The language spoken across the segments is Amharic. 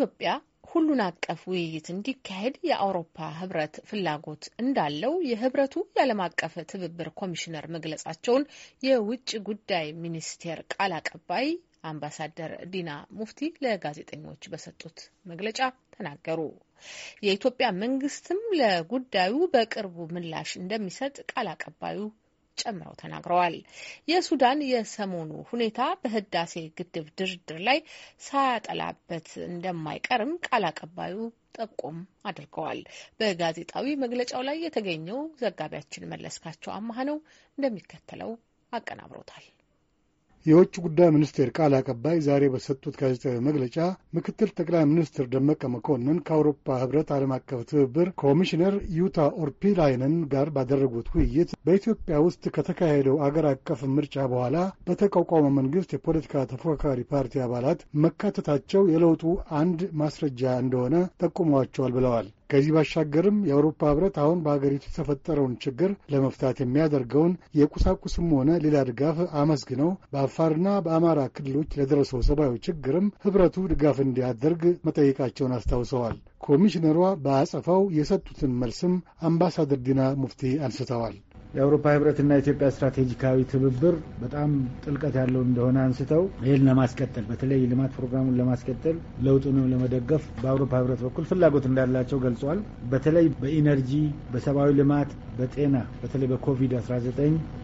በኢትዮጵያ ሁሉን አቀፍ ውይይት እንዲካሄድ የአውሮፓ ህብረት ፍላጎት እንዳለው የህብረቱ የዓለም አቀፍ ትብብር ኮሚሽነር መግለጻቸውን የውጭ ጉዳይ ሚኒስቴር ቃል አቀባይ አምባሳደር ዲና ሙፍቲ ለጋዜጠኞች በሰጡት መግለጫ ተናገሩ። የኢትዮጵያ መንግስትም ለጉዳዩ በቅርቡ ምላሽ እንደሚሰጥ ቃል አቀባዩ ጨምረው ተናግረዋል። የሱዳን የሰሞኑ ሁኔታ በህዳሴ ግድብ ድርድር ላይ ሳያጠላበት እንደማይቀርም ቃል አቀባዩ ጠቆም አድርገዋል። በጋዜጣዊ መግለጫው ላይ የተገኘው ዘጋቢያችን መለስካቸው አማህ ነው፣ እንደሚከተለው አቀናብሮታል። የውጭ ጉዳይ ሚኒስቴር ቃል አቀባይ ዛሬ በሰጡት ጋዜጣዊ መግለጫ ምክትል ጠቅላይ ሚኒስትር ደመቀ መኮንን ከአውሮፓ ህብረት ዓለም አቀፍ ትብብር ኮሚሽነር ዩታ ኦርፒላይነን ጋር ባደረጉት ውይይት በኢትዮጵያ ውስጥ ከተካሄደው አገር አቀፍ ምርጫ በኋላ በተቋቋመ መንግስት የፖለቲካ ተፎካካሪ ፓርቲ አባላት መካተታቸው የለውጡ አንድ ማስረጃ እንደሆነ ጠቁመዋቸዋል ብለዋል። ከዚህ ባሻገርም የአውሮፓ ህብረት አሁን በሀገሪቱ የተፈጠረውን ችግር ለመፍታት የሚያደርገውን የቁሳቁስም ሆነ ሌላ ድጋፍ አመስግነው በአፋርና በአማራ ክልሎች ለደረሰው ሰብአዊ ችግርም ህብረቱ ድጋፍ እንዲያደርግ መጠየቃቸውን አስታውሰዋል። ኮሚሽነሯ በአጸፋው የሰጡትን መልስም አምባሳደር ዲና ሙፍቲ አንስተዋል። የአውሮፓ ህብረትና ኢትዮጵያ ስትራቴጂካዊ ትብብር በጣም ጥልቀት ያለው እንደሆነ አንስተው ይህን ለማስቀጠል በተለይ ልማት ፕሮግራሙን ለማስቀጠል ለውጡንም ለመደገፍ በአውሮፓ ህብረት በኩል ፍላጎት እንዳላቸው ገልጿል። በተለይ በኢነርጂ፣ በሰብአዊ ልማት፣ በጤና በተለይ በኮቪድ-19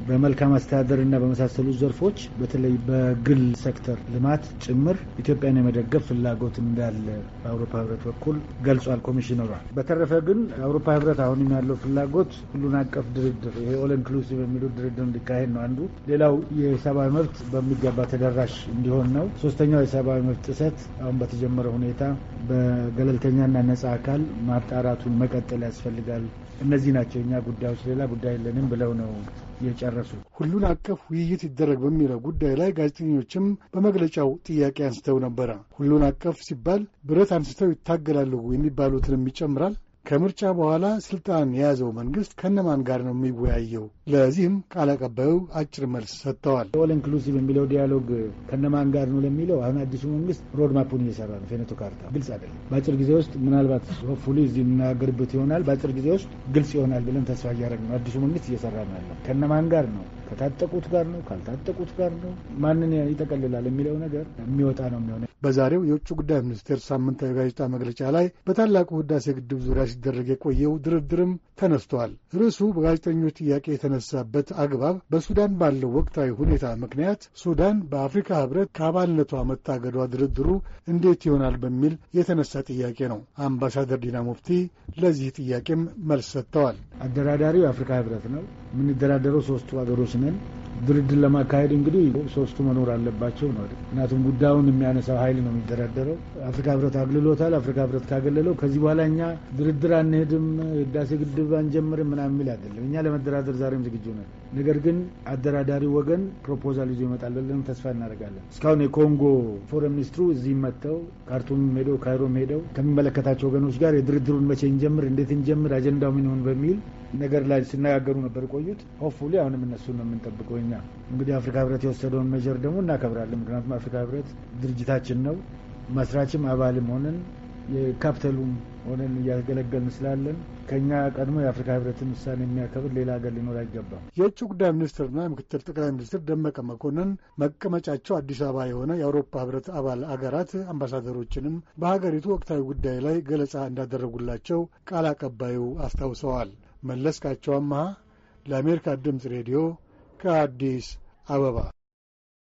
በመልካም አስተዳደር እና በመሳሰሉ ዘርፎች በተለይ በግል ሴክተር ልማት ጭምር ኢትዮጵያን የመደገፍ ፍላጎት እንዳለ በአውሮፓ ህብረት በኩል ገልጿል ኮሚሽነሯ። በተረፈ ግን የአውሮፓ ህብረት አሁንም ያለው ፍላጎት ሁሉን አቀፍ ድርድር የኦል ኢንክሉሲቭ የሚሉ ድርድር እንዲካሄድ ነው አንዱ። ሌላው የሰብአዊ መብት በሚገባ ተደራሽ እንዲሆን ነው። ሶስተኛው የሰብአዊ መብት ጥሰት አሁን በተጀመረ ሁኔታ በገለልተኛና ነጻ አካል ማጣራቱን መቀጠል ያስፈልጋል። እነዚህ ናቸው እኛ ጉዳዮች፣ ሌላ ጉዳይ የለንም ብለው ነው የጨረሱ። ሁሉን አቀፍ ውይይት ይደረግ በሚለው ጉዳይ ላይ ጋዜጠኞችም በመግለጫው ጥያቄ አንስተው ነበረ። ሁሉን አቀፍ ሲባል ብረት አንስተው ይታገላሉ የሚባሉትንም ይጨምራል። ከምርጫ በኋላ ስልጣን የያዘው መንግስት ከነማን ጋር ነው የሚወያየው? ለዚህም ቃል አቀባዩ አጭር መልስ ሰጥተዋል። ኦል ኢንክሉሲቭ የሚለው ዲያሎግ ከነማን ጋር ነው ለሚለው አሁን አዲሱ መንግስት ሮድማፑን እየሰራ ነው። ፌኔቶ ካርታ ግልጽ አይደለም። በአጭር ጊዜ ውስጥ ምናልባት ሆፕፉሊ እዚህ የምናገርበት ይሆናል። በአጭር ጊዜ ውስጥ ግልጽ ይሆናል ብለን ተስፋ እያደረግን ነው። አዲሱ መንግስት እየሰራ ነው ያለው ከነማን ጋር ነው ከታጠቁት ጋር ነው ካልታጠቁት ጋር ነው ማንን ይጠቀልላል የሚለው ነገር የሚወጣ ነው የሚሆነ በዛሬው የውጭ ጉዳይ ሚኒስቴር ሳምንታዊ ጋዜጣ መግለጫ ላይ በታላቁ ህዳሴ ግድብ ዙሪያ ሲደረግ የቆየው ድርድርም ተነስተዋል። ርዕሱ በጋዜጠኞች ጥያቄ የተነሳበት አግባብ በሱዳን ባለው ወቅታዊ ሁኔታ ምክንያት ሱዳን በአፍሪካ ህብረት ከአባልነቷ መታገዷ ድርድሩ እንዴት ይሆናል በሚል የተነሳ ጥያቄ ነው። አምባሳደር ዲና ሙፍቲ ለዚህ ጥያቄም መልስ ሰጥተዋል። አደራዳሪው የአፍሪካ ህብረት ነው። የምንደራደረው ሶስቱ ሀገሮች ነን። ድርድር ለማካሄድ እንግዲህ ሶስቱ መኖር አለባቸው ነው። ምክንያቱም ጉዳዩን የሚያነሳው ኃይል ነው የሚደራደረው። አፍሪካ ህብረት አግልሎታል። አፍሪካ ህብረት ካገለለው ከዚህ በኋላ እኛ ድርድር አንሄድም፣ ህዳሴ ግድብ አንጀምርም ምናምን የሚል አይደለም። እኛ ለመደራደር ዛሬም ዝግጁ ነን። ነገር ግን አደራዳሪ ወገን ፕሮፖዛል ይዞ ይመጣል ብለን ተስፋ እናደርጋለን። እስካሁን የኮንጎ ፎረን ሚኒስትሩ እዚህም መጥተው ካርቱም ሄደው ካይሮም ሄደው ከሚመለከታቸው ወገኖች ጋር የድርድሩን መቼ እንጀምር፣ እንዴት እንጀምር፣ አጀንዳው ምን ይሆን በሚል ነገር ላይ ሲነጋገሩ ነበር ቆዩት። ሆፕፉሊ አሁንም እነሱ ነው የምንጠብቀው። እኛ እንግዲህ አፍሪካ ህብረት የወሰደውን መጀር ደግሞ እናከብራለን። ምክንያቱም አፍሪካ ህብረት ድርጅታችን ነው መስራችም አባልም ሆነን የካፕተሉም ሆነን እያገለገልን ስላለን ከኛ ቀድሞ የአፍሪካ ህብረትን ውሳኔ የሚያከብር ሌላ ሀገር ሊኖር አይገባም። የውጭ ጉዳይ ሚኒስትርና ምክትል ጠቅላይ ሚኒስትር ደመቀ መኮንን መቀመጫቸው አዲስ አበባ የሆነ የአውሮፓ ህብረት አባል አገራት አምባሳደሮችንም በሀገሪቱ ወቅታዊ ጉዳይ ላይ ገለጻ እንዳደረጉላቸው ቃል አቀባዩ አስታውሰዋል። መለስካቸው አመሃ ለአሜሪካ ድምፅ ሬዲዮ ከአዲስ አበባ